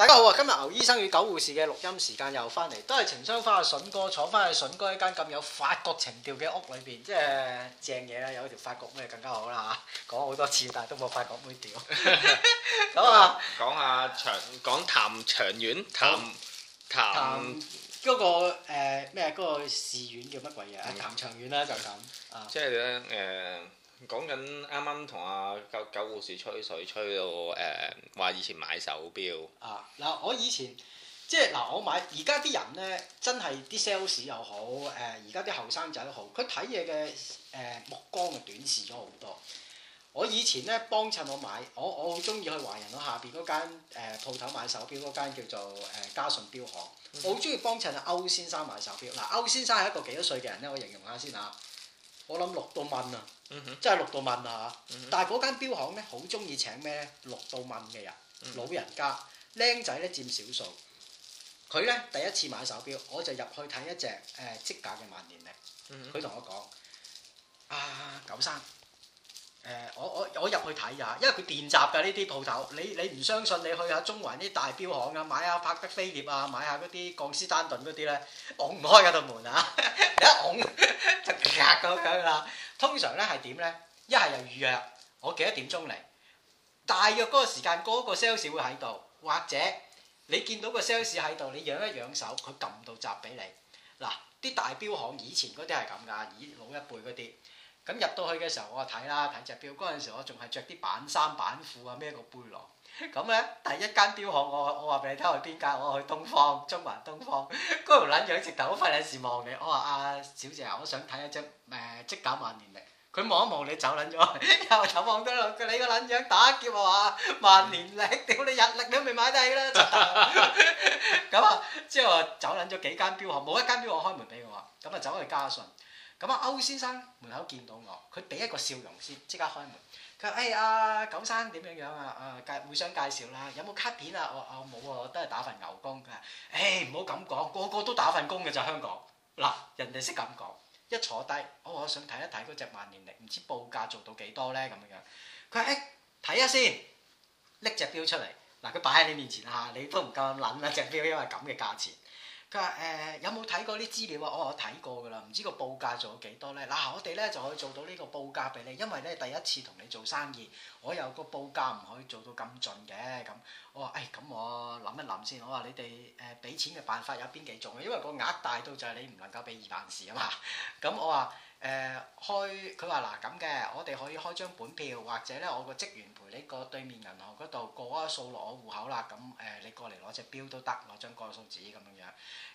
大家好啊！今日牛醫生與狗護士嘅錄音時間又翻嚟，都係情商花嘅筍哥坐翻去筍哥一間咁有法國情調嘅屋裏邊，即係正嘢啦！有條法國妹更加好啦嚇，講好多次但係都冇法國妹調咁啊！講下長講談長遠、嗯、談談嗰、那個誒咩嗰個寺院叫乜鬼嘢啊？嗯、談長遠啦就咁、是、啊！即係咧誒。呃講緊啱啱同阿狗狗護士吹水，吹到誒話、呃、以前買手錶啊！嗱，我以前即係嗱、啊，我買而家啲人咧，真係啲 sales 又好，誒而家啲後生仔都好，佢睇嘢嘅誒目光啊短視咗好多。我以前咧幫襯我買，我我好中意去華人行下邊嗰間誒鋪頭買手錶，嗰間叫做誒、呃、家信錶行。Mm hmm. 我好中意幫襯歐先生買手錶。嗱、啊，歐先生係一個幾多歲嘅人咧？我形容下先嚇。我諗六到蚊啊，真係六到蚊啊、嗯、哼但係嗰間錶行咧，好中意請咩咧？六到蚊嘅人，嗯、哼老人家，僆仔咧佔少數。佢咧第一次買手錶，我就入去睇一隻誒積家嘅萬年曆。佢同、嗯、哼我講：啊，九生。誒、呃，我我我入去睇下，因為佢電閘嘅呢啲鋪頭，你你唔相信你去下中環啲大錶行啊，買下百達翡麗啊，買下嗰啲江詩丹頓嗰啲咧，拱唔開嗰道門啊！ 一拱就夾咁樣啦。 通常咧係點咧？一係又預約，我幾多點鐘嚟？大約嗰個時間，嗰、那個 sales 會喺度，或者你見到個 sales 喺度，你揚一揚手，佢撳到閘俾你。嗱，啲大錶行以前嗰啲係咁㗎，以老一輩嗰啲。咁入到去嘅時候，我就睇啦，睇隻表。嗰陣時我仲係着啲板衫板褲啊，孭個背囊。咁咧，第一間表行我我話俾你聽，你去邊間？我去東方，中環東方。嗰條撚樣直頭好快有時望你，我話啊小姐啊，我想睇一隻誒、呃、即減萬年曆。佢望一望你，你，走撚咗，又走望多路。佢你個撚樣打劫我嘛！萬年曆，屌、嗯、你日曆都未買低啦。咁啊， 之後我走撚咗幾間表行，冇一間表行開門俾我。咁啊，走去嘉信。咁啊，歐先生門口見到我，佢俾一個笑容先，即刻開門。佢話：誒、哎、阿、啊、九生點樣樣啊？誒介互相介紹啦，有冇卡片啊？我我冇喎，我都係打份牛工嘅。誒唔好咁講，個個都打份工嘅就香港嗱，人哋識咁講。一坐低、哦，我話想睇一睇嗰隻萬年曆，唔知報價做到幾多咧咁樣樣。佢話：誒睇下先，拎隻錶出嚟。嗱，佢擺喺你面前吓，你都唔夠膽撚啊隻錶，因為咁嘅價錢。佢話：誒、 欸、有冇睇過啲資料啊、哦？我話：我睇過噶啦，唔知個報價做咗幾多咧？嗱，我哋咧就可以做到呢個報價俾你，因為咧第一次同你做生意，我有個報價唔可以做到咁盡嘅咁。我話：誒、呃、咁，我諗一諗先。我話你哋誒俾錢嘅辦法有邊幾種？因為個額大到就係你唔能夠俾二百萬啊嘛。咁、嗯、我話。誒開佢話嗱咁嘅，我哋可以開張本票，或者咧我個職員陪你過對面銀行嗰度過咗數落我戶口啦。咁誒你過嚟攞隻表都得，攞張過數紙咁樣樣。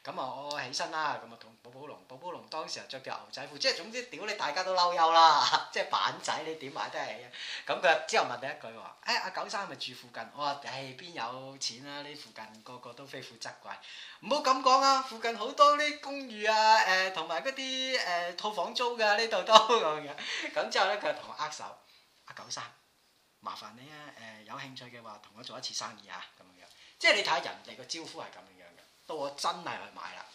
咁啊我起身啦，咁啊同寶寶龍，寶寶龍當時啊着條牛仔褲，即係總之屌你大家都嬲嬲啦，即係板仔你點買都係。咁佢之後問第一句話，誒阿九三係咪住附近？我話誒邊有錢啊？呢附近個個都非富則貴，唔好咁講啊！附近好多啲公寓啊，誒同埋嗰啲誒套房租。呢度都咁樣，咁之後咧佢就同我握手。阿、啊、九生，麻煩你啊！誒、呃，有興趣嘅話，同我做一次生意啊。咁樣。即係你睇人哋個招呼係咁樣嘅。到我真係去買啦，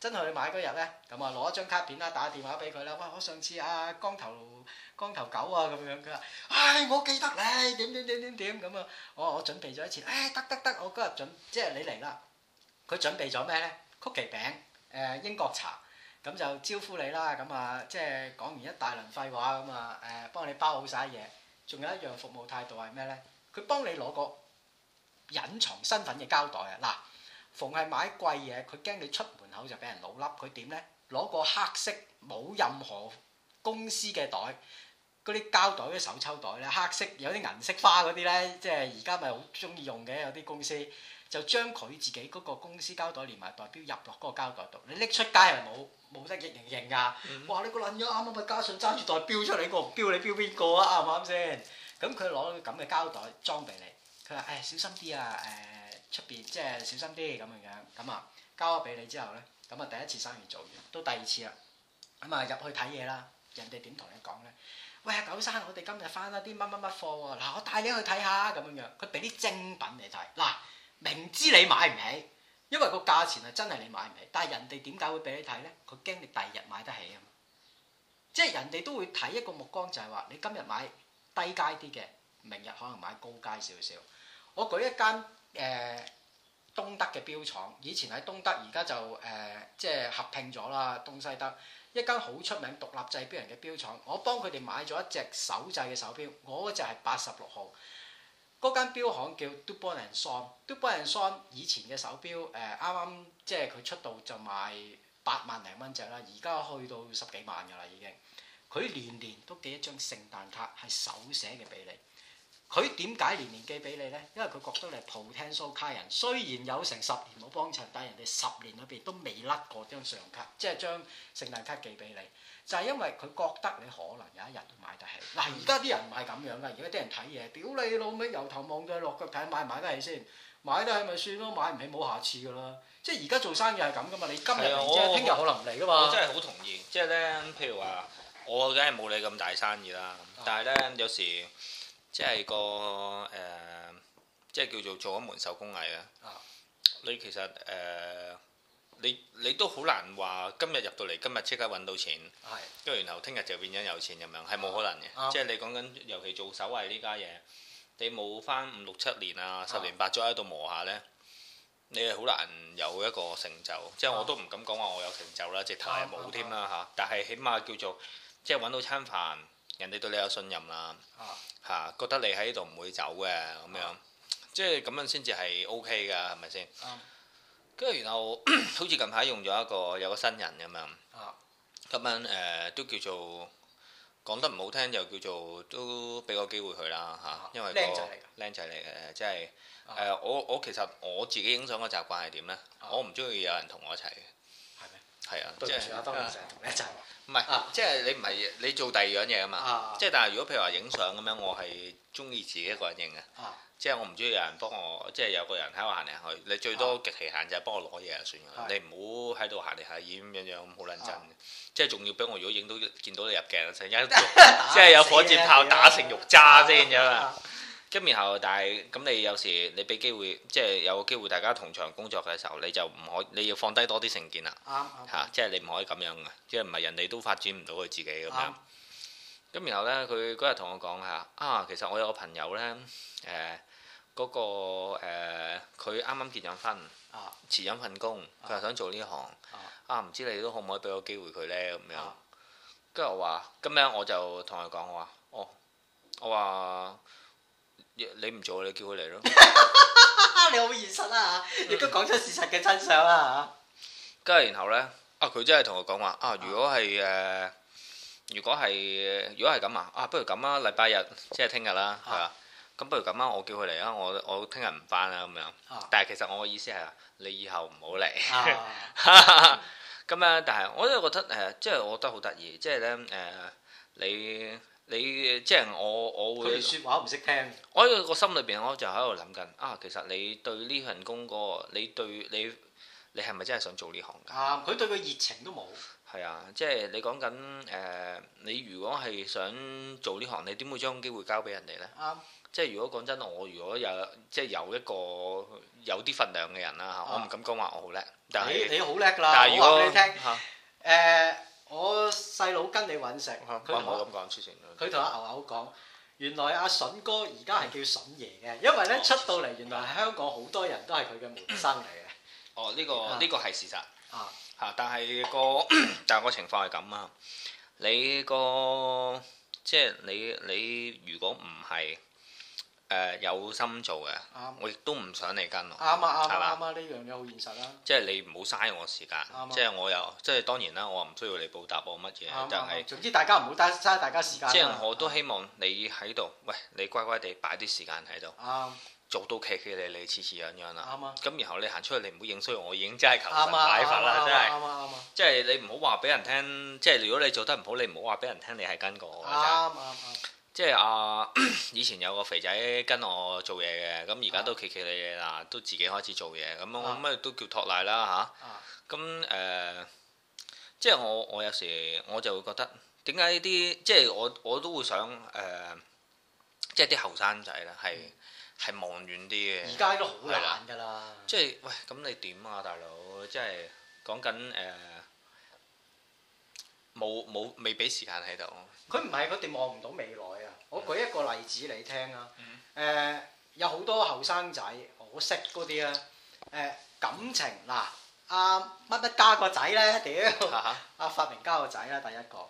真係去買嗰日咧，咁啊攞張卡片啦，打電話俾佢啦。哇！我上次阿、啊、光頭光頭狗啊咁樣，佢話，唉，我記得你點點點點點咁啊！我我準備咗一次，唉、哎，得得得，我嗰日準即係你嚟啦。佢準備咗咩咧？曲奇餅，誒、呃、英國茶。咁就招呼你啦，咁啊，即係講完一大輪廢話，咁啊，誒幫你包好晒嘢。仲有一樣服務態度係咩咧？佢幫你攞個隱藏身份嘅膠袋啊！嗱，逢係買貴嘢，佢驚你出門口就俾人老笠，佢點咧？攞個黑色冇任何公司嘅袋，嗰啲膠袋、啲手抽袋咧，黑色有啲銀色花嗰啲咧，即係而家咪好中意用嘅有啲公司。就將佢自己嗰個公司膠袋連埋代標入落嗰個膠袋度，你拎出街係冇冇得認認噶。哇！你個撚樣啱唔啱？嘉順揸住袋標出嚟個標，你標邊個啊？啱唔啱先？咁佢攞咁嘅膠袋裝俾你，佢話：誒小心啲啊！誒出邊即係小心啲咁樣樣。咁啊交咗俾你之後咧，咁啊第一次生意做完，都第二次啦。咁啊入去睇嘢啦，人哋點同你講咧？喂，九生，我哋今日翻咗啲乜乜乜貨喎？嗱，我帶你去睇下咁樣樣，佢俾啲精品你睇嗱，明知你買唔起，因為個價錢係真係你買唔起，但係人哋點解會俾你睇咧？佢驚你第二日買得起啊！即係人哋都會睇一個目光，就係、是、話你今日買低階啲嘅，明日可能買高階少少。我舉一間誒、呃、東德嘅錶廠，以前喺東德，而家就誒即係合併咗啦，東西德一間好出名獨立製錶人嘅錶廠。我幫佢哋買咗一隻手製嘅手表，我嗰隻係八十六號。嗰間錶行叫 Dubon & Son，Dubon & Son 以前嘅手錶，誒啱啱，即係佢出道就賣八萬零蚊隻啦，而家去到十幾萬㗎啦已經。佢年年都寄一張聖誕卡係手寫嘅俾你。佢點解年年寄俾你咧？因為佢覺得你係 potential 客人，雖然有成十年冇幫襯，但係人哋十年裏邊都未甩過張信用卡，即係將聖誕卡寄俾你，就係因為佢覺得你可能有一日都買得起。嗱，而家啲人唔係咁樣啦，而家啲人睇嘢，屌你老味，由頭望到落腳睇，買唔買得起先？買得起咪算咯，買唔起冇下次噶啦。即係而家做生意係咁噶嘛，你今日嚟，聽日可能唔嚟噶嘛。我真係好同意，即係咧，譬如話，我梗係冇你咁大生意啦，嗯、但係咧有時。即係個誒、呃，即係叫做做一門手工藝啊！你其實誒、呃，你你都好難話，今日入到嚟，今日即刻揾到錢。係、啊，跟住然後聽日就變咗有錢咁樣，係冇可能嘅。啊、即係你講緊，尤其做手藝呢家嘢，你冇翻五六七年，年8，啊，十年八載喺度磨下呢，你係好難有一個成就。即係我都唔敢講話我有成就啦、啊啊啊，直頭係冇添啦嚇。但係起碼叫做即係揾到餐飯。人哋對你有信任啦，嚇、啊啊，覺得你喺呢度唔會走嘅咁樣，啊、即係咁樣先至係 OK 噶，係咪先？跟住、嗯、然後 好似近排用咗一個有一個新人咁樣，咁、啊、樣誒、呃、都叫做講得唔好聽又叫做都俾個機會佢啦嚇，啊啊、因為靚仔嚟嘅，即係誒、啊啊、我我其實我自己影相嘅習慣係點呢？啊、我唔中意有人同我一齊。係啊，對住阿芬唔成，同你一陣，唔係即係你唔係你做第二樣嘢啊嘛，即係但係如果譬如話影相咁樣，我係中意自己一個人影嘅，即係我唔中意有人幫我，即係有個人喺度行嚟行去，你最多極其限就係幫我攞嘢就算，你唔好喺度行嚟行去咁樣樣咁好撚陣，即係仲要畀我如果影到見到你入鏡，成日即係有火箭炮打成肉渣先嘅嘛。咁然後，但係咁你有時你俾機會，即係有個機會，大家同場工作嘅時候，你就唔可你要放低多啲成見啦嚇，即係你唔可以咁樣嘅，即係唔係人哋都發展唔到佢自己咁樣。咁、嗯、然後呢，佢嗰日同我講下，啊，其實我有個朋友呢，誒、呃、嗰、嗰個佢啱啱結咗婚，辭咗份工，佢又、啊、想做呢行啊，唔、啊、知你都可唔可以俾個機會佢呢？咁樣？跟住、啊、我話，今日我就同佢講我話，哦，我、哦、話。哦哦哦哦哦哦你唔做，你叫佢嚟咯。 你好現實啊，亦、嗯、都講出事實嘅真相啦嚇。跟住，然後呢，啊佢真係同我講話啊，如果係誒、啊，如果係、啊，如果係咁啊，啊不如咁啊，禮拜日即係聽日啦，係啦、啊。咁、啊、不如咁啊，我叫佢嚟啊，我我聽日唔返啦咁樣。但係其實我嘅意思係，你以後唔好嚟。咁啊， 嗯、 但係我都覺得誒、呃，即係我覺得好得意，即係呢，誒、呃，你、呃。呃呃呃你即係我，我會佢哋說話唔識聽。我喺個心裏邊，我就喺度諗緊啊，其實你對呢份工嗰個，你對你，你係咪真係想做呢行？啱、啊，佢對個熱情都冇。係啊，即係你講緊誒、呃，你如果係想做呢行，你點會將機會交俾人哋呢？啱、啊，即係如果講真，我如果有即係有一個有啲份量嘅人啦嚇、啊啊，我唔敢講話我好叻，但係你你好叻㗎啦。但係如果誒。我細佬跟你揾食，佢冇咁講，佢同阿牛牛講，原來阿、啊、筍哥而家係叫筍爺嘅，因為咧、哦、出到來嚟原來香港好多人都係佢嘅門生嚟嘅。哦，呢、這個呢、這個係事實。啊，嚇！但係個但係個情況係咁啊，你、那個即係、就是、你你如果唔係。誒、呃、有心做嘅，嗯、我亦都唔想你跟我。啱啊啱啊啱，呢樣嘢好現實啦、啊。即係你唔好嘥我時間。即係、嗯、我又，即、就、係、是、當然啦。我唔需要你報答我乜嘢，嗯、就係、是。啱，總之大家唔好嘥嘥大家時間。即係我都希望你喺度，嗯、喂，你乖乖哋擺啲時間喺度。做到騎騎你你似似樣樣啦。啱啊。咁然後你行出去，你唔好影衰我已經，真係求神拜佛啦，真係。啱啊啱即係你唔好話俾人聽，即係如果你做得唔好，你唔好話俾人聽你係跟過我。啱啱啱。即係啊！以前有個肥仔跟我做嘢嘅，咁而家都企企哋啦，都自己開始做嘢，咁乜都叫托賴啦嚇。咁、啊、誒、嗯呃，即係我我有時我就會覺得點解呢啲，即係我我都會想誒、呃，即係啲後生仔啦，係係望遠啲嘅。而家都好難㗎啦。即係喂，咁你點啊，大佬？即係講緊誒，冇冇未俾時間喺度。佢唔係，佢哋望唔到未來。我舉一個例子你聽、呃呃呃、什麼什麼子 啊，誒，有好多後生仔，我識嗰啲啊，誒感情嗱阿乜得加個仔咧，屌，阿發明加個仔啦第一個，誒、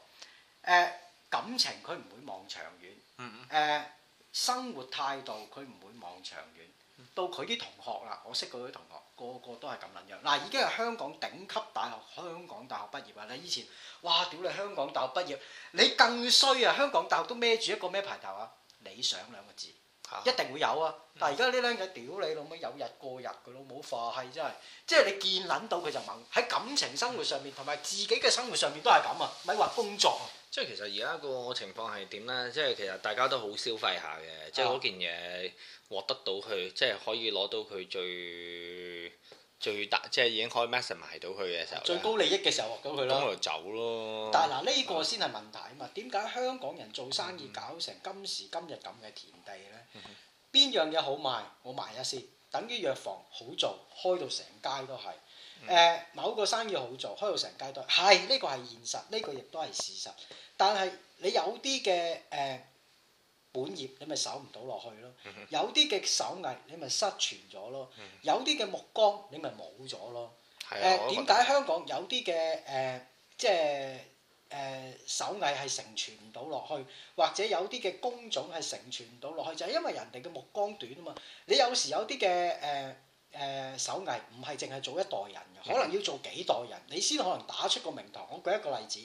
呃、感情佢唔會望長遠，誒、呃、生活態度佢唔會望長遠，到佢啲同學啦，我識嗰啲同學。個個都係咁撚樣，嗱、啊、已經係香港頂級大學香港大學畢業啊，你以前哇，屌你香港大學畢業，你更衰啊！香港大學都孭住一個咩牌頭啊？理想兩個字，一定會有啊！但係而家呢僆仔屌你老母有日過日佢老母，化廢真係，即係你見撚到佢就猛喺感情生活上面同埋自己嘅生活上面都係咁啊！咪話工作啊！即係其實而家個情況係點咧？即係其實大家都好消費下嘅、啊，即係嗰件嘢獲得到佢，即係可以攞到佢最最大，即係已經開 message 埋到佢嘅時候，最高利益嘅時候獲到佢咯，咁、嗯、就走咯。但係嗱呢個先係問題啊嘛？點解香港人做生意搞成今時今日咁嘅田地咧？邊、嗯、哼樣嘢好賣，我賣一先，等於藥房好做，開到成街都係。誒、嗯、某個生意好做，開到成街都係呢、呢個係現實，呢、呢個亦都係事實。但係你有啲嘅誒本業，你咪守唔到落去咯；有啲嘅手藝，你咪失傳咗咯；有啲嘅目光你，你咪冇咗咯。誒點解香港有啲嘅誒即係誒、呃、手藝係成傳唔到落去，或者有啲嘅工種係成傳唔到落去，就係、係、因為人哋嘅目光短啊嘛。你有時有啲嘅誒。呃誒手藝唔係淨係做一代人嘅，可能要做幾代人，你先可能打出個名堂。我舉一個例子，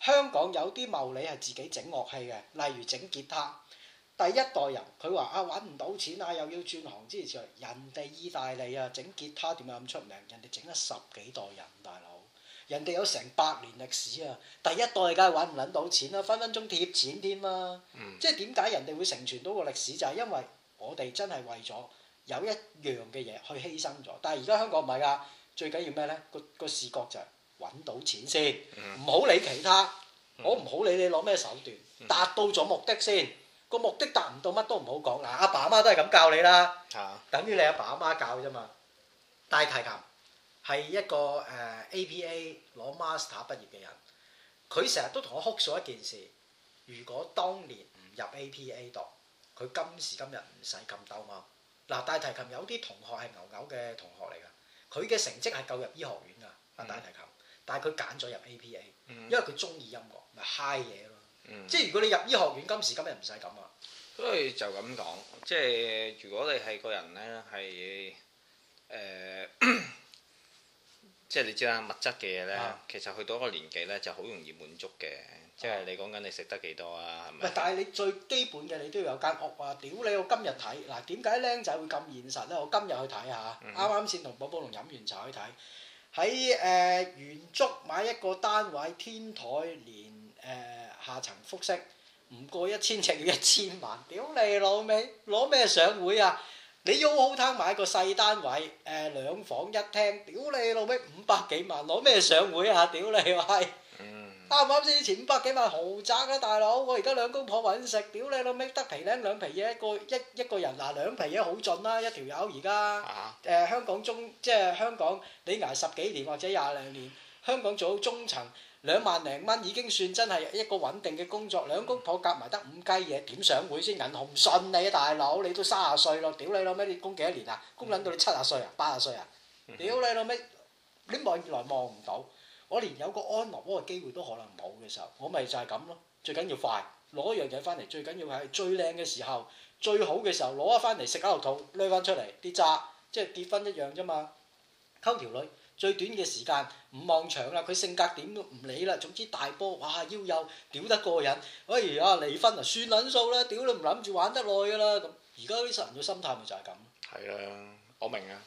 香港有啲茂利係自己整樂器嘅，例如整吉他。第一代人佢話啊揾唔到錢啊，又要轉行，之前人哋意大利啊，整吉他點解咁出名？人哋整咗十幾代人大佬，人哋有成百年歷史啊。第一代梗係揾唔撚到錢啦，分分鐘貼錢添啦。嗯、即係點解人哋會成傳到個歷史？就係、是、因為我哋真係為咗，有一樣嘅嘢去犧牲咗，但係而家香港唔係噶，最緊要咩咧？個個視覺就係揾到錢先，唔好、嗯、理其他，嗯、我唔好理你攞咩手段，達、嗯、到咗目的先。個目的達唔到，乜都唔好講。嗱，阿爸阿媽都係咁教你啦，啊、等於你阿爸阿媽教啫嘛。大提琴係一個誒、uh, APA 攞 master 畢業嘅人，佢成日都同我哭訴一件事：如果當年唔入 APA 度，佢今時今日唔使咁鬥嘛。嗱，大提琴有啲同學係牛牛嘅同學嚟噶，佢嘅成績係夠入醫學院噶。啊、嗯，大提琴，但係佢揀咗入、AP、A P A，、嗯、因為佢中意音樂咪 high 嘢咯。嗯、即係如果你入醫學院，今時今日唔使咁噶。所以就咁講，即係如果你係個人咧，係誒、呃，即係你知啦，物質嘅嘢咧，啊、其實去到一個年紀咧，就好容易滿足嘅。即係你講緊你食得幾多啊？係咪？但係你最基本嘅你都要有間屋啊！屌你我，我今日睇嗱，點解僆仔會咁現實咧？我今日去睇下，啱啱先同寶寶龍飲完茶去睇，喺誒圓竹買一個單位，天台連誒、呃、下層複式，唔過一千尺要一千萬。屌你老味，攞咩上會啊？你好好貪買個細單位，誒、呃、兩房一廳，屌你老尾五百幾萬，攞咩上會啊？屌你閪！啱啱先前五百幾萬豪宅啊，大佬！我而家兩公婆揾食，屌你老味得皮靚兩皮嘢，一個一一個人嗱兩皮嘢好盡啦，一條友而家誒香港中即係香港，你挨十幾年或者廿零年，香港做到中層兩萬零蚊已經算真係一個穩定嘅工作，兩公婆夾埋得五雞嘢，點上會先？銀行唔信你啊，大佬！你都卅歲咯，屌你老味！你供幾多年啊？供撚到你七十歲啊、八十歲啊？屌你老味！你望來望唔到。我連有個安樂窩嘅機會都可能冇嘅時候，我咪就係咁咯。最緊要快攞一樣嘢翻嚟，最緊要係最靚嘅時候、最好嘅時候攞一翻嚟食一口落肚，孭翻出嚟啲渣，即係結婚一樣啫嘛。溝條女最短嘅時間唔望長啦，佢性格點都唔理啦。總之大波哇腰幼，屌得過癮，哎呀啊離婚啊算撚數啦，屌都唔諗住玩得耐噶啦咁。而家啲人嘅心態咪就係咁。係啦，我明啊。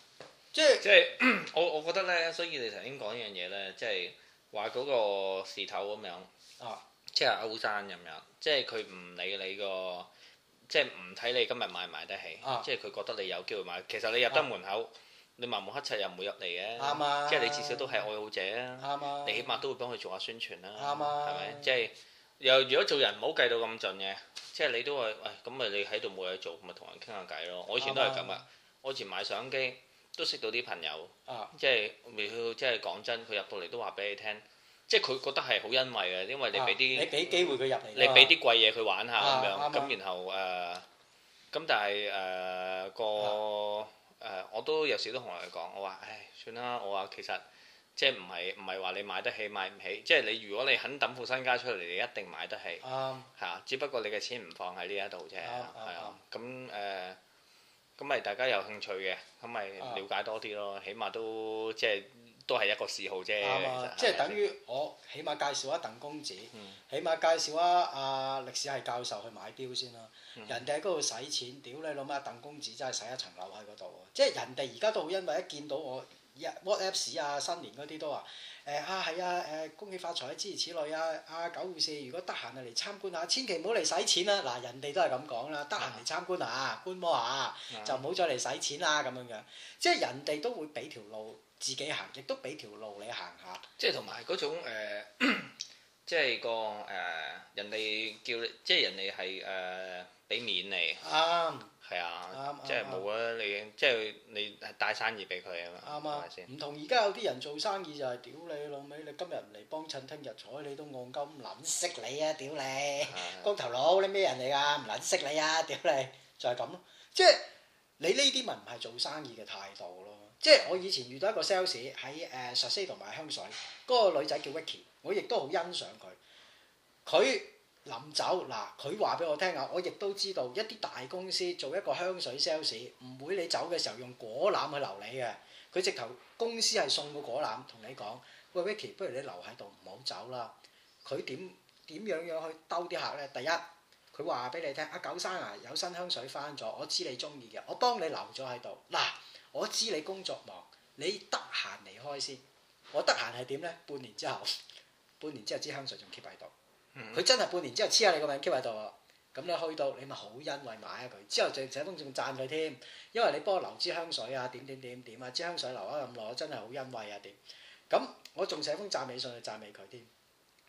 即係我我覺得咧，所以你頭先講一樣嘢咧，即係話嗰個事頭咁樣啊，即係歐生咁樣，即係佢唔理你個，即係唔睇你今日買唔買得起，啊、即係佢覺得你有機會買。其實你入得門口，你盲目黑漆又唔會入嚟嘅，啱啊。啊即係你至少都係愛好者啊，啱。你起碼都會幫佢做下宣傳啦，啱啊，係咪吧？即係又如果做人唔好計到咁盡嘅，即係你都係喂咁咪你喺度冇嘢做，咪同人傾下偈咯。我以前都係咁啊，我以前買相機。都識到啲朋友，啊、即係未去，即係講真，佢入到嚟都話俾你聽，即係佢覺得係好欣慰嘅，因為你俾啲、啊、你俾機會佢入嚟，你俾啲貴嘢佢玩下咁樣，咁、啊、然後誒，咁、呃、但係誒、呃、個誒、呃，我都有時都同佢講，我話誒算啦，我話其實即係唔係唔係話你買得起買唔起，即係你如果你肯抌副身家出嚟，你一定買得起，啱嚇、啊，只不過你嘅錢唔放喺呢一度啫，係啊，咁誒。咁咪大家有興趣嘅，咁咪了解多啲咯，啊、起碼都即係都係一個嗜好啫。吧即係等於我起碼介紹下鄧公子，嗯、起碼介紹下阿、啊、歷史系教授去買表先啦。嗯、人哋喺嗰度使錢，屌你老母！阿鄧公子真係使一層樓喺嗰度，即係人哋而家都好，因為一見到我。Yeah, WhatsApp 史啊，新年嗰啲都、哎、啊，誒啊係啊，誒恭喜發財啊諸如此類啊，啊九護士如果得閒就嚟參觀下，千祈唔好嚟使錢啊！嗱，人哋都係咁講啦，得閒嚟參觀下啊，觀摩下，啊、就唔好再嚟使錢啦、啊、咁樣樣，即係人哋都會俾條路自己行，亦都俾條路你行下。即係同埋嗰種、呃、即係個誒、呃，人哋叫你，即係人哋係誒俾面你、嗯。啱。係啊，嗯、即係冇啊！你即係你帶生意俾佢啊嘛，啱，咪唔同而家有啲人做生意就係、是、屌你老味，你今日唔嚟幫襯，聽日睬你都戇鳩，唔撚識你啊！屌你，光、啊、頭佬你咩人嚟㗎？唔撚識你啊！屌你，就係咁咯。即係你呢啲咪唔係做生意嘅態度咯。即係我以前遇到一個 sales 喺誒 Shiseido 賣香水，嗰、那個女仔叫 Vicky，我亦都好欣賞佢，佢。臨走嗱，佢話俾我聽啊，我亦都知道一啲大公司做一個香水 sales，唔會你走嘅時候用果籃去留你嘅，佢直頭公司係送個果籃同你講，喂 Vicky，不如你留喺度唔好走啦。佢點點樣樣去兜啲客咧？第一，佢話俾你聽，阿、啊、九生啊，有新香水返咗，我知你中意嘅，我幫你留咗喺度。嗱，我知你工作忙，你得閒離開先。我得閒係點咧？半年之後，半年之後支香水仲 keep 喺度。佢、嗯、真係半年之後黐下你個名喺度，啊。咁你去到你咪好欣慰買啊佢。之後就寫封信讚佢添，因為你幫我留支香水啊，點點點點啊，支香水留咗咁耐，我真係好欣慰啊點。咁我仲寫封讚美信去讚美佢添、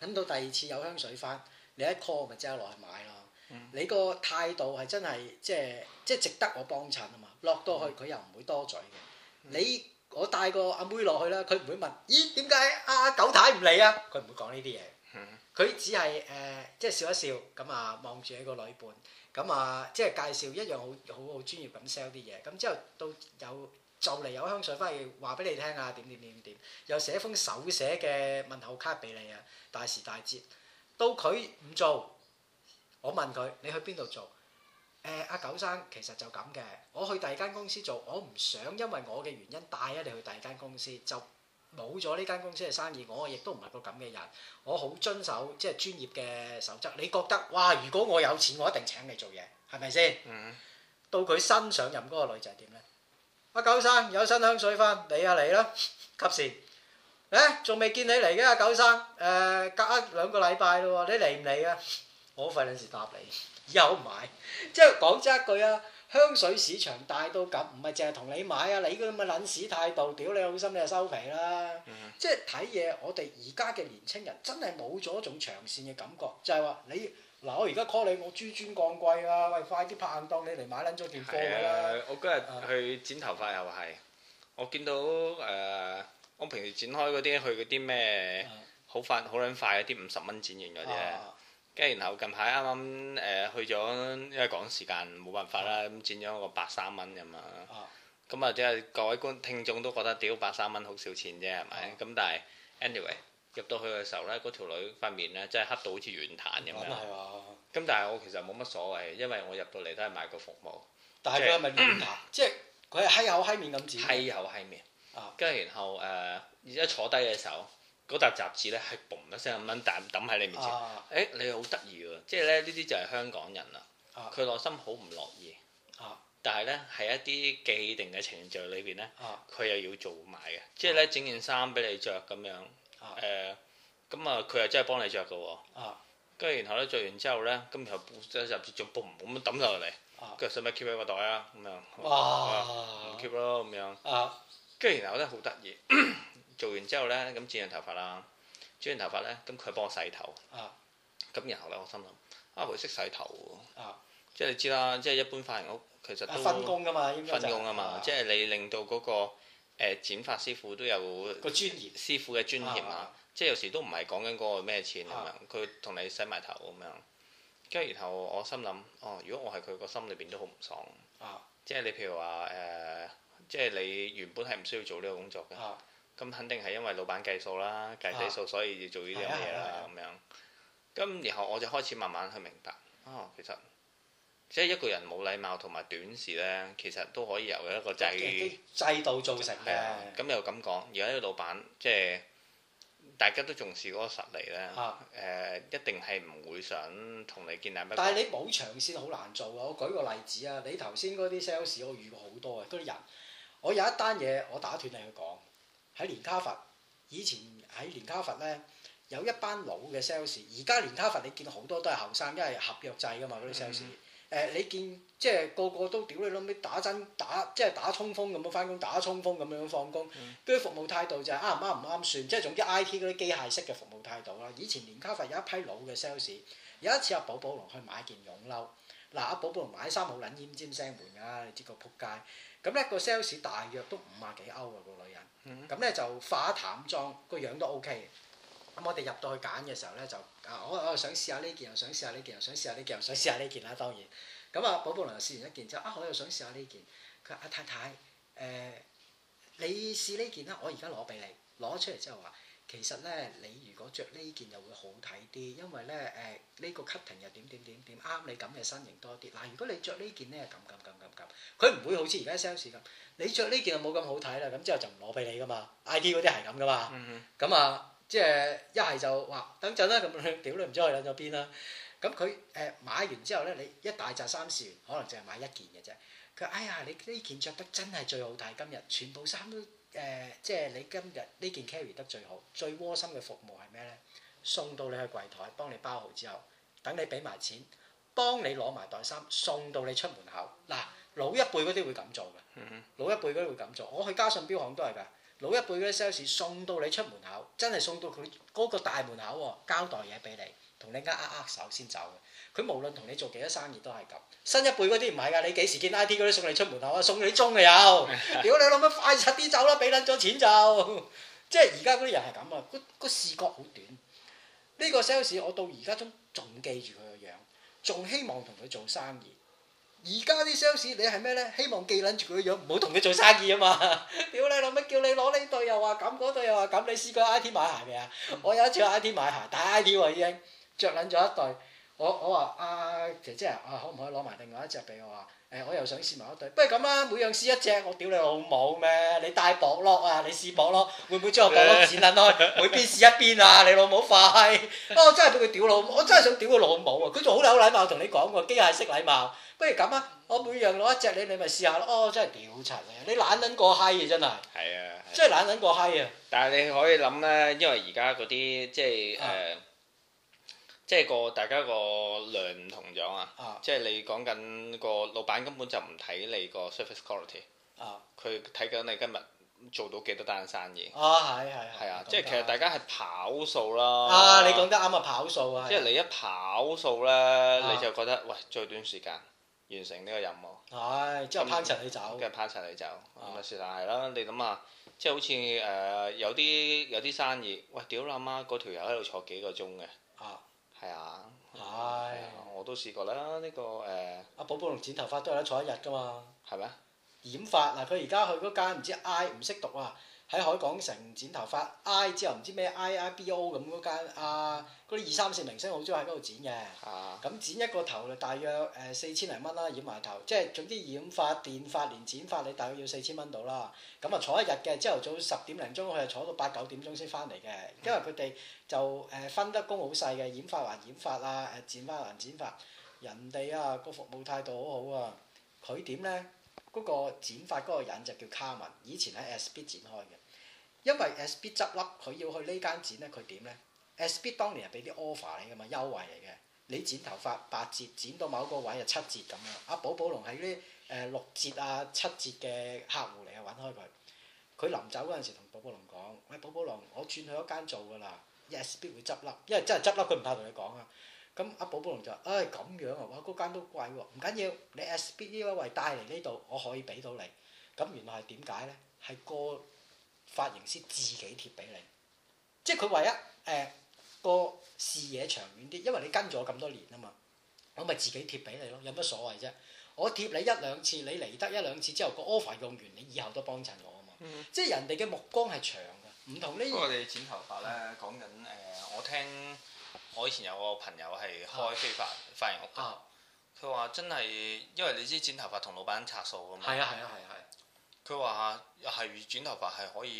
啊。咁到第二次有香水翻，你一 call 咪即刻落去買咯。嗯、你個態度係真係即係即係值得我幫襯啊嘛。落多去佢又唔會多嘴嘅。嗯、你我帶個阿妹落去啦，佢唔會問咦點解阿狗太唔嚟啊？佢唔會講呢啲嘢。嗯佢只係誒，即係笑一笑咁啊，望住你個女伴咁啊，即係介紹一樣好好好專業咁 sell 啲嘢。咁之後到有就嚟有香水，翻去話俾你聽啊，點點點點點，又寫封手寫嘅問候卡俾你啊，大時大節。到佢唔做，我問佢：你去邊度做？誒，阿九生其實就咁嘅，我去第二間公司做，我唔想因為我嘅原因帶咗你去第二間公司，就。冇咗呢間公司嘅生意，我亦都唔係個咁嘅人，我好遵守即係專業嘅守則。你覺得哇？如果我有錢，我一定請你做嘢，係咪先？嗯。到佢新上任嗰個女仔點咧？阿九生有新香水翻，俾啊你啦，及時。誒，仲未見你嚟嘅，阿九生誒，隔一兩個禮拜咯喎，你嚟唔嚟啊？我費陣時答你。又唔係，即係講真一句啊！香水市場大到咁，唔係淨係同你買啊！你嗰咁嘅撚屎態度，屌、嗯、你好心你就收皮啦！嗯、即係睇嘢，我哋而家嘅年青人真係冇咗一種長線嘅感覺，就係、是、話你嗱，我而家 call 你我紆尊降貴啊，喂快啲拍下檔你嚟買撚咗段貨啦！我今日去剪頭髮又係，啊、我見到誒、呃，我平時剪開嗰啲去嗰啲咩好快好撚快嗰啲五十蚊剪完嗰啲跟住然後近排啱啱誒去咗，因為趕時間冇辦法啦，咁轉咗個八三蚊咁啊。咁啊、哦，即係各位觀聽眾都覺得屌八三蚊好少錢啫，係、嗯、咪？咁、嗯、但係，anyway、哦、入到去嘅時候咧，嗰條女塊面咧真係黑到好似軟彈咁樣。咁、嗯嗯嗯嗯嗯嗯嗯、但係我其實冇乜所謂，因為我入到嚟都係買個服務。但係佢係咪軟彈？嗯、即係佢係閪口閪面咁轉。閪口閪面。啊！跟住然後而家、呃、坐低嘅時候。嗰沓雜誌咧係嘣一聲咁樣抌抌喺你面前，誒你好得意喎！即係咧呢啲就係香港人啦，佢內心好唔樂意，但係咧喺一啲既定嘅程序裏邊咧，佢又要做埋嘅，即係咧整件衫俾你着咁樣，誒咁啊佢又真係幫你着嘅喎，跟住然後咧着完之後咧，咁然後嗰沓雜誌仲嘣咁抌落嚟，跟住使咪 keep 喺個袋啊？咁樣唔 keep 咯咁樣，跟住然後咧好得意。做完之後呢，咁剪完頭髮啦，剪完頭髮呢，咁佢幫我洗頭，咁然後呢，我心諗啊，佢識洗頭喎，即係你知啦，即係一般髮型屋其實都分工㗎嘛，分工啊嘛，即係你令到嗰個剪髮師傅都有個專業師傅嘅專業啊，即係有時都唔係講緊嗰個咩錢咁樣，佢同你洗埋頭咁樣，跟住然後我心諗哦，如果我係佢個心裏邊都好唔爽，即係你譬如話誒，即係你原本係唔需要做呢個工作嘅。咁肯定係因為老闆計數啦，計計數，所以要做呢啲咁嘅嘢啦，咁、啊、樣。咁然後我就開始慢慢去明白，啊、哦，其實即係、就是、一個人冇禮貌同埋短視咧，其實都可以由一個制度制度造成嘅。咁又咁講，而家呢個老闆即係、就是、大家都重視嗰個實力咧。誒、啊呃，一定係唔會想同你建立乜。但係你冇長線好難做啊！我舉個例子啊，你頭先嗰啲 sales 我遇過好多啊，嗰啲人，我有一單嘢我打斷你去講。喺連卡佛，以前喺連卡佛咧有一班老嘅 sales，而家連卡佛你見好多都係後生，因為合約制噶嘛嗰啲 sales。誒，呃、你見即係個個都屌你老味打針打，即係打衝鋒咁樣翻工、嗯，打衝鋒咁樣放工。跟住服務態度就係啱唔啱，唔啱算，即係總之 IT 嗰啲機械式嘅服務態度啦。以前連卡佛有一批老嘅 sales，有一次阿、啊、寶寶龍去買件絨褸，嗱阿寶寶龍買衫好撚奄尖聲門噶、啊，你知個撲街。咁咧個 sales 大約都五啊幾歐啊。個女人，咁咧、嗯、就化淡妝，個樣都 OK。咁我哋入到去揀嘅時候咧，就啊我我又想試下呢件，又想試下呢件，又想試下呢件，又想試下呢件啦。當然，咁啊，寶寶娘試完一件之後啊，我又想試下呢件。佢話啊太太，誒、呃，你試呢件啦，我而家攞俾你，攞出嚟之後話，其實咧你如果着呢件又會好睇啲，因為咧誒呢、呃呢個 cutting 又點點點點啱你咁嘅身形多啲。嗱、呃、如果你着呢件咧，咁咁咁咁咁。佢唔會好似而家 sales 咁，你着呢件就冇咁好睇啦，咁之後就唔攞俾你噶嘛。IT 嗰啲係咁噶嘛，咁、嗯嗯、啊，即係一係就話等陣啦，咁屌你唔知我去咗邊啦。咁佢誒買完之後咧，你一大紮衫試完，可能淨係買一件嘅啫。佢哎呀，你呢件着得真係最好睇今日，全部衫都誒、呃，即係你今日呢件 carry 得最好，最窩心嘅服務係咩咧？送到你去櫃台幫你包好之後，等你俾埋錢，幫你攞埋袋衫送到你出門口嗱。老一輩嗰啲會咁做嘅，老一輩嗰啲會咁做。我去嘉信錶行都係㗎，老一輩嗰啲 sales 送到你出門口，真係送到佢嗰個大門口喎，交代嘢俾你，同你握握握手先走嘅。佢無論同你做幾多生意都係咁。新一輩嗰啲唔係㗎，你幾時見 IT 嗰啲送你出門口啊？送你鐘嘅有。 如果你諗緊快實啲走啦，俾撚咗錢就。即係而家嗰啲人係咁啊，個、嗰個視覺好短。呢、呢個 sales 我到而家都仲記住佢個樣，仲希望同佢做生意。而家啲 sales 你係咩呢？希望記撚住佢個樣，唔好同佢做生意啊嘛！屌你老味，叫你攞呢對又話咁，嗰對又話咁，你試過 I T 買鞋未啊？ 我有一次 I T 買鞋，大 I T 喎已經，着撚咗一對。我我話啊姐姐啊，啊可唔可以攞埋另外一隻俾我啊？誒、哎、我又想試埋一對。不如咁啦，每樣試一隻。我屌你老母咩？你戴薄咯啊，你試薄咯，會唔會將我薄咯剪撚開？ 每邊試一邊啊，你老母快！我、哦、真係俾佢屌老母，我真係想屌佢老母啊！佢仲好有禮貌，同你講過，機械式禮貌。不如咁啊，我每樣攞一隻你，你咪試下咯。哦，真係屌柒你、啊，你懶撚過閪啊真係。係啊。真係懶撚過閪啊！但係你可以諗咧，因為而家嗰啲即係誒。呃即係個大家個量唔同咗啊！即係你講緊個老闆根本就唔睇你個 service quality，佢睇緊你今日做到幾多單生意啊！係係係啊！即係其實大家係跑數啦啊！你講得啱啊！跑數啊！即係你一跑數咧，你就覺得喂最短時間完成呢個任務係之後 punch 你走、啊、走，跟住 punch 你走，咪事實係啦。你諗下，即係好似誒、呃、有啲有啲生意，喂屌你阿媽，嗰條友喺度坐幾個鐘嘅。係啊，唉、哎，我都試過啦，呢、這個唉，阿、呃、寶寶同剪頭髮都有得坐一日噶嘛，係咪嗎啊？染髮嗱，佢而家去嗰間唔知嗌，唔識讀啊。喺海港城剪頭髮，I 之後唔知咩 IIBO 咁嗰間、uh, 啊，嗰啲二三線明星好中意喺嗰度剪嘅。咁剪一個頭就大約誒、呃、四千零蚊啦，染埋頭，即係總之染髮、電髮、連剪髮，你大約要四千蚊到啦。咁啊坐一日嘅，朝頭早十點零鐘佢就坐到八九點鐘先翻嚟嘅，因為佢哋就誒、呃、分得工好細嘅，染髮還染髮啊，誒、呃、剪髮還剪髮。人哋啊個服務態度好好啊，佢點咧？嗰個剪髮嗰個人就叫卡文，以前喺 S B 剪開嘅，因為 S B 執笠，佢要去呢間剪咧，佢點咧？S B 當年係俾啲 offer 嚟噶嘛，優惠嚟嘅。你剪頭髮八折，剪到某個位就七折咁樣。阿寶寶龍係呢誒六折啊七折嘅客戶嚟啊，揾開佢。佢臨走嗰陣時同寶寶龍講：喂，寶寶龍，我轉去嗰間做㗎啦，S B 會執笠，因為真係執笠，佢唔怕同你講啊。咁阿寶寶龍就話：，唉、哎，咁樣啊，哇，嗰間都貴喎，唔緊要，你 S B 呢位帶嚟呢度，我可以俾到你。咁原來係點解咧？係個髮型師自己貼俾你，即係佢唯一誒、欸、個視野長遠啲，因為你跟咗咁多年啊嘛，咁咪自己貼俾你咯，有乜所謂啫？我貼你一兩次，你嚟得一兩次之後，個 offer 用完，你以後都幫襯我啊嘛。嗯、即係人哋嘅目光係長嘅，唔同呢個。嗯、我哋剪頭髮咧，講緊誒，我聽。我以前有個朋友係開非法髮型屋嘅，佢話真係，因為你知剪頭髮同老闆拆數㗎嘛。係啊係啊係啊係。佢話係剪頭髮係可以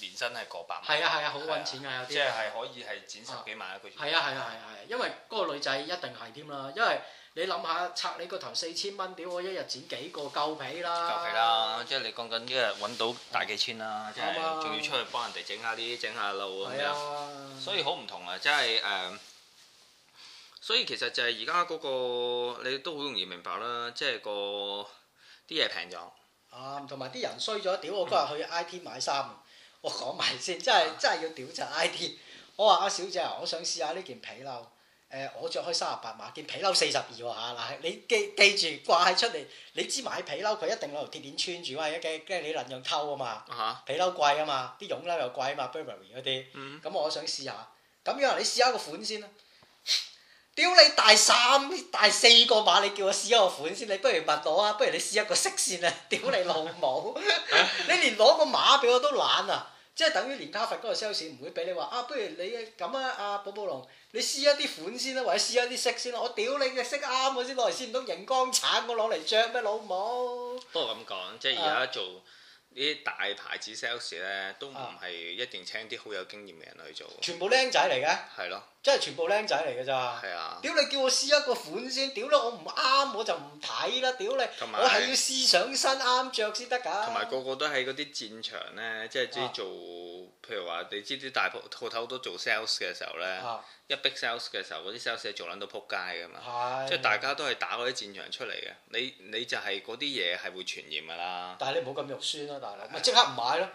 年薪係過百萬。係啊係啊，好揾錢啊。有啲的。即係係可以係剪十幾萬一個月。係啊係啊係啊，因為嗰個女仔一定係添啦，因為。你諗下拆你個頭四千蚊，屌我一日剪幾個夠皮啦！夠皮啦，即係你講緊一日搵到大幾千啦，哦、即係仲要出去幫人哋整下啲整下路咁、啊、樣，所以好唔同啊！即係誒、呃，所以其實就係而家嗰個你都好容易明白啦，即係、嗰個啲嘢平咗。啱，同埋啲人衰咗，屌我今日去 I T 買衫，我講埋先，即係真係、啊、要屌就 I T。我話阿小姐，我想試下呢件皮褸。誒，我着開三十八碼，件皮褸四十二喎嚇。嗱，你記記住掛喺出嚟，你知買皮褸佢一定攞條鐵鏈穿住，哎、嘛？因為驚驚你能用偷啊嘛。嚇！皮褸貴啊嘛，啲絨褸又貴嘛，Burberry 嗰啲。Uh huh. 嗯。咁我想試下，咁樣你試一,一個款先啦。屌你大三大四個碼，你叫我試一個款先，你不如問我啊，不如你試一個色先啊！屌你老母，uh huh. 你連攞個碼俾我都懶啊！即係等於連卡佛嗰個 sales 唔會俾你話啊，不如你咁啊，阿寶寶龍，你試一啲款先啦，或者試一啲色先啦，我屌你嘅色啱我先攞嚟先，唔通熒光橙我攞嚟着咩老母？不過咁講，即係而家做。啊呢啲大牌子 sales 咧都唔係一定請啲好有經驗嘅人去做，全部僆仔嚟嘅，係咯的，即係全部僆仔嚟嘅咋，係啊的，屌你叫我試一個款先，屌啦我唔啱我就唔睇啦，屌你，有我係要試上身啱着先得㗎，同埋個個都喺嗰啲戰場咧，即係即係做。譬如話，你知啲大鋪鋪頭都做 sales 嘅時候咧，啊、一逼 sales 嘅時候，嗰啲 sales 係做撚到仆街㗎嘛，哎、呀即係大家都係打嗰啲戰場出嚟嘅，你你就係嗰啲嘢係會傳染㗎啦。但係你唔好咁肉酸啦、啊，大佬。咪即、哎、呀刻唔買咯！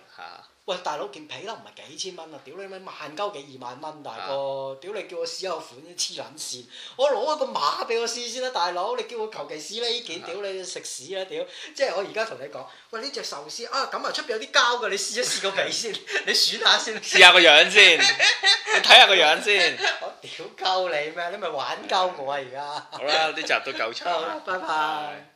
喂，大佬，件皮都唔係幾千蚊啊，屌你咪萬鳩幾二萬蚊大哥，啊、屌你叫我試下個款黐撚線，我攞一個碼俾我試先啦，大佬，你叫我求其試呢件，啊、屌你食屎啦屌，屌！即係我而家同你講，喂呢隻壽司啊咁啊出邊有啲膠㗎，你試一試個皮先， 你選下先，試下個樣先， 你睇下個樣先。我屌鳩你咩？你咪玩鳩我啊！而家。 好啦，呢集都夠出啦，拜拜。拜拜。